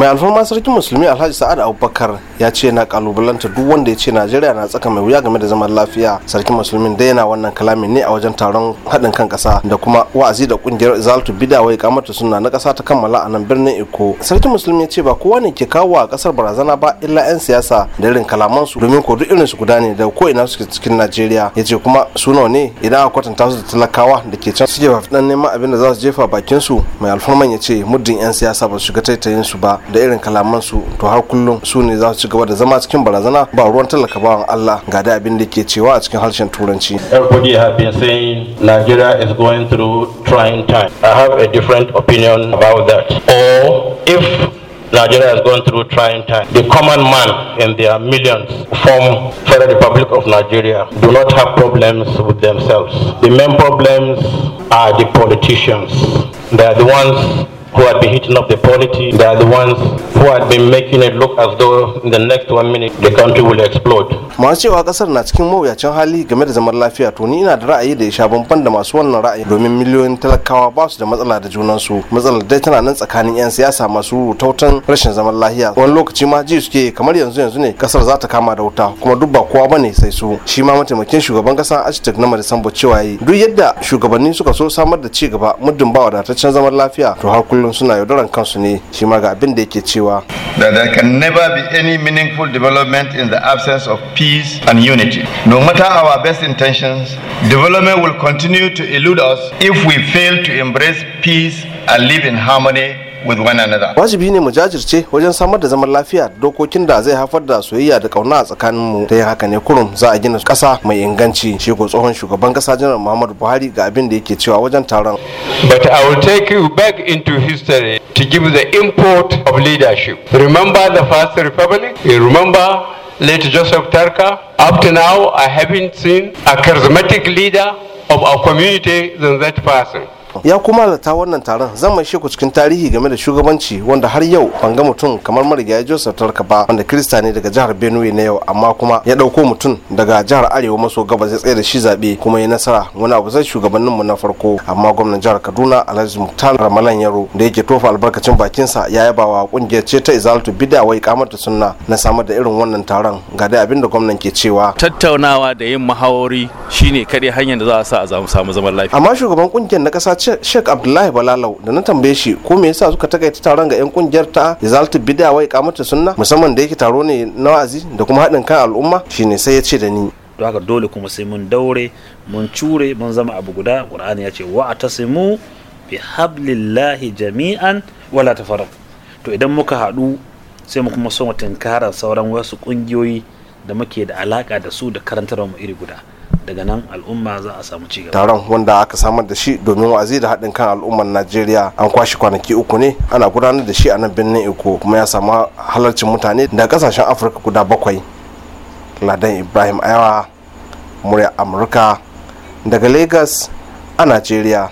mai alfarma sarkin musulmi alhaji sa'ad abubakar ya ce na kalubalanta duk wanda ya ce najeriya na tsaka mai wuya game da zaman lafiya sarkin musulmin dai yana wannan kalamin ne a wajen taron haɗin kan ƙasa da kuma wa'azi da kungiyar zaltu bidawai kamata suna na ƙasa ta kammala a nan birnin eko. sarkin musulmi ya ce ba kowa ne ke kawo a ƙasar barazana ba illa 'yan siyasa da irin kalamansu domin ko duk irin su guda ne da ko ina suke cikin najeriya ya ce kuma su nawa ne idan aka kwatanta su da talakawa da ke can suke dan neman abin da za su jefa bakin su mai alfarman ya ce muddin 'yan siyasa ba su shiga taitayin su ba da irin kalaman su to har kullum su ne za su ci gaba da zama cikin barazana ba ruwan talaka bawan Allah ga da abin da ke cewa a cikin harshen turanci everybody have been saying Nigeria is going through trying time i have a different opinion about that or if Nigeria has gone through trying time. The common man and their millions from Federal Republic of Nigeria do not have problems with themselves. The main problems are the politicians. They are the ones who had been hitting up the polity, they are the ones who had been making it look as though in the next one minute the country will explode. Masu cewa kasar na cikin mawuyacin hali game da zaman lafiya to ina da ra'ayi da ya bamban da masu wannan ra'ayi domin miliyoyin talakawa ba su da matsala da junansu matsalar dai tana nan tsakanin 'yan siyasa masu wutan rashin zaman lafiya wani lokaci ma ji suke kamar yanzu yanzu ne kasar za ta kama da wuta kuma duk ba kowa bane sai su shi ma mataimakin shugaban kasa architect na Marisambo cewa yi duk yadda shugabanni suka so samar da ci gaba muddin ba wadataccen zaman lafiya to har kullum kullum suna yaudaran kansu ne shi ma ga abin da yake cewa that there can never be any meaningful development in the absence of peace and unity no matter our best intentions development will continue to elude us if we fail to embrace peace and live in harmony na da Wajibi ne mu jajirce wajen samar da zaman lafiya dokokin da zai haifar da soyayya da kauna a tsakanin mu. Ta haka ne kurum za a gina kasa mai inganci. Shi ko tsohon shugaban kasa Janar Muhammadu Buhari ga abin da yake cewa wajen taron. But I will take you back into history to give the import of leadership. Remember the first republic? You remember late Joseph Tarka? Up to now, I haven't seen a charismatic leader of our community than that person. ya kuma halarta wannan taron zan mai sheku cikin tarihi game da shugabanci wanda har yau ban ga mutum kamar marigayi joseph tarka ba wanda krista ne daga jihar benue na yau amma kuma ya dauko mutum daga jihar arewa maso gabas ya tsaye da shi zabe kuma ya nasara wani abu zai shugabannin mu na farko amma gwamnan jihar kaduna alhaji muktar ramalan yaro da yake tofa albarkacin bakinsa ya yaba wa kungiyar ce ta izalatu bida wai kamar da sunna na samar da irin wannan taron ga dai abin gwamnan ke cewa tattaunawa da yin mahawari shine kare hanyar da za a sa a samu zaman lafiya amma shugaban kungiyar na kasa Sheikh Abdullahi Balalau da na tambaye shi ko me yasa suka takaita taron ga yan kungiyar ta Izaltu Bid'a wai kamata Sunna musamman da yake taro ne na wa'azi da kuma haɗin kan al'umma shine sai ya ce da ni don dole kuma sai mun daure mun cure mun zama abu guda qur'ani ya ce wa atasimu bi hablillahi jami'an wala tafarraq to idan muka haɗu sai mu kuma so mu sauran wasu ƙungiyoyi da muke da alaka da su da karantarwa mu iri guda daga nan al'umma za a samu cigaba taron wanda aka samar da shi domin wa'azi da haɗin kan al'ummar najeriya an kwashe kwanaki uku ne ana gudanar da shi a nan birnin iko kuma ya samu halarcin mutane daga kasashen afirka guda bakwai ladan ibrahim ayawa murya amurka daga lagos a najeriya